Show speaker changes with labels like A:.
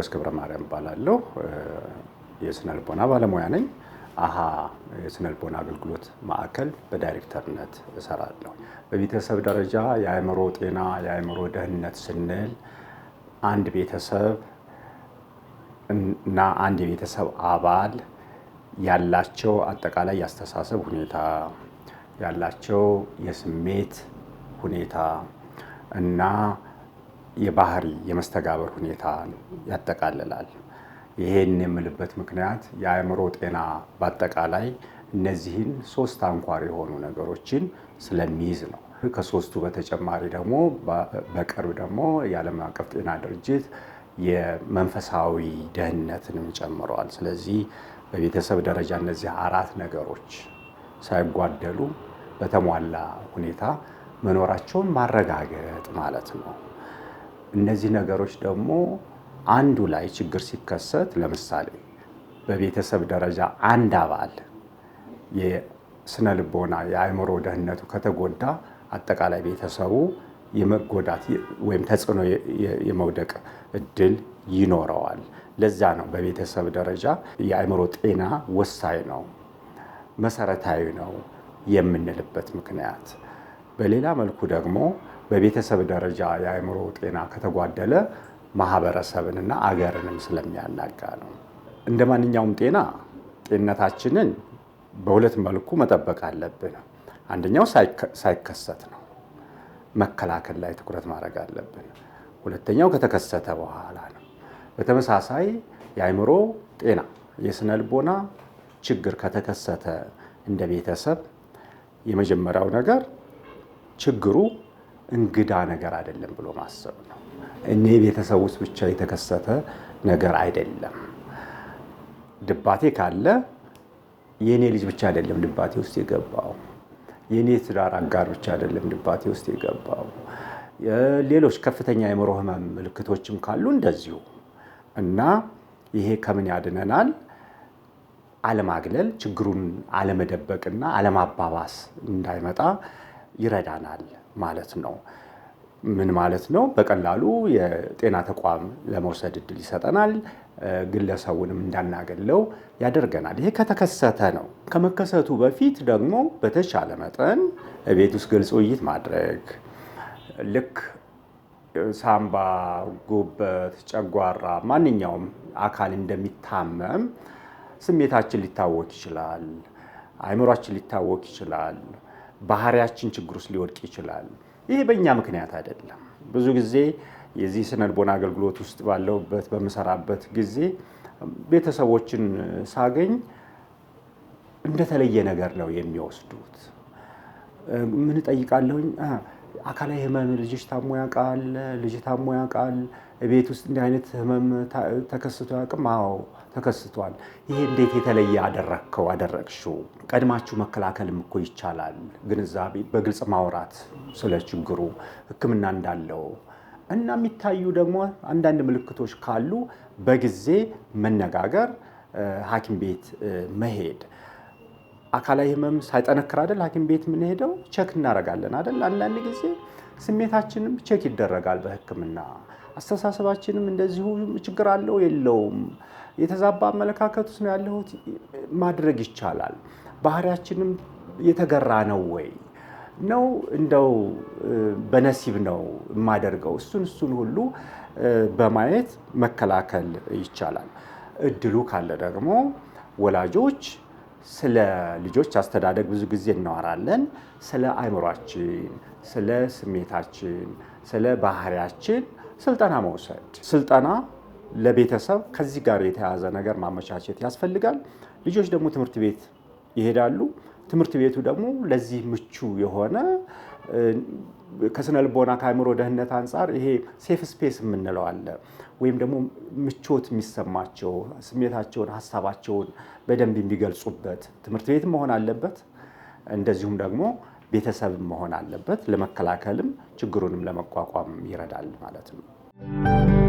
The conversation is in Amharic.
A: ቂርቆስ ክብረ ማርያም እባላለሁ። የስነ ልቦና ባለሙያ ነኝ። አሃ የስነ ልቦና አገልግሎት ማዕከል በዳይሬክተርነት እሰራለሁ። በቤተሰብ ደረጃ የአእምሮ ጤና፣ የአእምሮ ደህንነት ስንል አንድ ቤተሰብ እና አንድ የቤተሰብ አባል ያላቸው አጠቃላይ ያስተሳሰብ ሁኔታ ያላቸው የስሜት ሁኔታ እና የባህሪ የመስተጋበር ሁኔታ ያጠቃልላል። ይሄን የምልበት ምክንያት የአእምሮ ጤና በአጠቃላይ እነዚህን ሶስት አንኳር የሆኑ ነገሮችን ስለሚይዝ ነው። ከሶስቱ በተጨማሪ ደግሞ በቅርብ ደግሞ የዓለም አቀፍ ጤና ድርጅት የመንፈሳዊ ደህንነትንም ጨምረዋል። ስለዚህ በቤተሰብ ደረጃ እነዚህ አራት ነገሮች ሳይጓደሉ በተሟላ ሁኔታ መኖራቸውን ማረጋገጥ ማለት ነው። እነዚህ ነገሮች ደግሞ አንዱ ላይ ችግር ሲከሰት ለምሳሌ በቤተሰብ ደረጃ አንድ አባል የስነ ልቦና የአእምሮ ደህንነቱ ከተጎዳ አጠቃላይ ቤተሰቡ የመጎዳት ወይም ተጽዕኖ የመውደቅ እድል ይኖረዋል። ለዛ ነው በቤተሰብ ደረጃ የአእምሮ ጤና ወሳኝ ነው፣ መሰረታዊ ነው የምንልበት ምክንያት። በሌላ መልኩ ደግሞ በቤተሰብ ደረጃ የአእምሮ ጤና ከተጓደለ ማህበረሰብንና አገርንም ስለሚያናጋ ነው። እንደ ማንኛውም ጤና ጤንነታችንን በሁለት መልኩ መጠበቅ አለብን። አንደኛው ሳይከሰት ነው፣ መከላከል ላይ ትኩረት ማድረግ አለብን። ሁለተኛው ከተከሰተ በኋላ ነው። በተመሳሳይ የአእምሮ ጤና የስነ ልቦና ችግር ከተከሰተ እንደ ቤተሰብ የመጀመሪያው ነገር ችግሩ እንግዳ ነገር አይደለም ብሎ ማሰብ ነው። እኔ ቤተሰብ ውስጥ ብቻ የተከሰተ ነገር አይደለም። ድባቴ ካለ የእኔ ልጅ ብቻ አይደለም ድባቴ ውስጥ የገባው፣ የእኔ ትዳር አጋር ብቻ አይደለም ድባቴ ውስጥ የገባው። ሌሎች ከፍተኛ የአእምሮ ህመም ምልክቶችም ካሉ እንደዚሁ እና ይሄ ከምን ያድነናል? አለማግለል፣ ችግሩን አለመደበቅና አለማባባስ እንዳይመጣ ይረዳናል ማለት ነው። ምን ማለት ነው? በቀላሉ የጤና ተቋም ለመውሰድ እድል ይሰጠናል። ግለሰቡንም እንዳናገለው ያደርገናል። ይሄ ከተከሰተ ነው። ከመከሰቱ በፊት ደግሞ በተቻለ መጠን ቤት ውስጥ ግልጽ ውይይት ማድረግ ልክ ሳምባ፣ ጉበት፣ ጨጓራ ማንኛውም አካል እንደሚታመም ስሜታችን ሊታወቅ ይችላል። አይምሯችን ሊታወቅ ይችላል። ባህሪያችን ችግር ውስጥ ሊወድቅ ይችላል። ይህ በእኛ ምክንያት አይደለም። ብዙ ጊዜ የዚህ ስነ ልቦና አገልግሎት ውስጥ ባለውበት በምሰራበት ጊዜ ቤተሰቦችን ሳገኝ እንደተለየ ነገር ነው የሚወስዱት። ምን እጠይቃለሁኝ አካላዊ ህመም ልጅሽ ታሞ ያውቃል? ልጅ ታሞ ያውቃል? ቤት ውስጥ እንዲህ አይነት ህመም ተከስቶ ያውቅም? አዎ ተከስቷል። ይሄ እንዴት የተለየ አደረግከው አደረግሽው? ቀድማችሁ መከላከልም እኮ ይቻላል። ግንዛቤ በግልጽ ማውራት ስለ ችግሩ ህክምና እንዳለው እና የሚታዩ ደግሞ አንዳንድ ምልክቶች ካሉ በጊዜ መነጋገር፣ ሐኪም ቤት መሄድ አካላዊ ህመም ሳይጠነክር አይደል ሐኪም ቤት የምንሄደው ቸክ እናደርጋለን አይደል። አንዳንድ ጊዜ ስሜታችንም ቸክ ይደረጋል በህክምና አስተሳሰባችንም እንደዚሁ ችግር አለው የለውም፣ የተዛባ አመለካከት ነው ያለሁት ማድረግ ይቻላል። ባህሪያችንም የተገራ ነው ወይ ነው እንደው በነሲብ ነው የማደርገው እሱን እሱን ሁሉ በማየት መከላከል ይቻላል። እድሉ ካለ ደግሞ ወላጆች ስለ ልጆች አስተዳደግ ብዙ ጊዜ እናወራለን። ስለ አይምሯችን ስለ ስሜታችን፣ ስለ ባህሪያችን ስልጠና መውሰድ ስልጠና ለቤተሰብ ከዚህ ጋር የተያያዘ ነገር ማመቻቸት ያስፈልጋል። ልጆች ደግሞ ትምህርት ቤት ይሄዳሉ። ትምህርት ቤቱ ደግሞ ለዚህ ምቹ የሆነ ከስነ ልቦና ከአእምሮ ደህንነት አንጻር ይሄ ሴፍ ስፔስ የምንለው አለ ወይም ደግሞ ምቾት የሚሰማቸው ስሜታቸውን፣ ሀሳባቸውን በደንብ የሚገልጹበት ትምህርት ቤት መሆን አለበት። እንደዚሁም ደግሞ ቤተሰብ መሆን አለበት። ለመከላከልም ችግሩንም ለመቋቋም ይረዳል ማለት ነው።